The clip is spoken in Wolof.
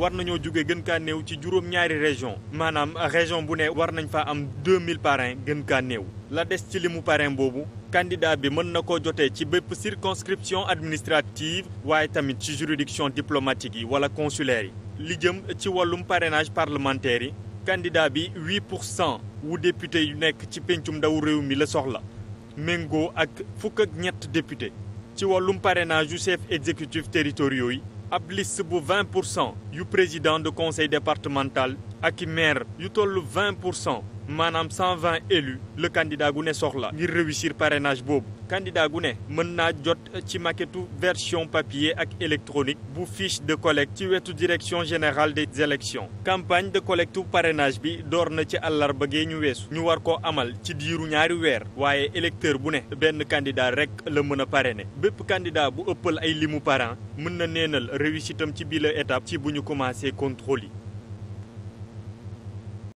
war nañoo jógee gën kaa néew ci juróom-ñaari région maanaam région bu ne war nañ faa am 2000 parrain gën kaa néew la des ci limu parrain boobu candidat bi mën na koo jotee ci bépp circonscription administrative waaye tamit ci juridiction diplomatique yi wala consulaire yi li jëm ci wàllum parrainage parlementaire yi candidat bi 8 pour cent wu député yu nekk ci péncum ndaw réew mi la soxla méngoo ak fukk ak ñett député ci wàllum parrainage yu chef exécutif territoriaux yi ab liste bu pour cent yu président de conseil départemental ak maire yu toll 20 pour cent maanaam 120 élus le candidat gu ne soxla ngir réussir parenage boobu candidat gu ne mën naa jot ci maquettu version papier ak électronique bu fiche de collecte ci wetu direction générale des élections campagne de collecte parrainage bi door na ci àllarba gee ñu weesu ñu war koo amal ci diiru ñaari weer waaye électeur bu ne benn candidat rek la mën a parrainer bépp candidat bu ëppal ay limu parrain mën na neenal réussitam ci biir étape ci bu ñu commencé contrôle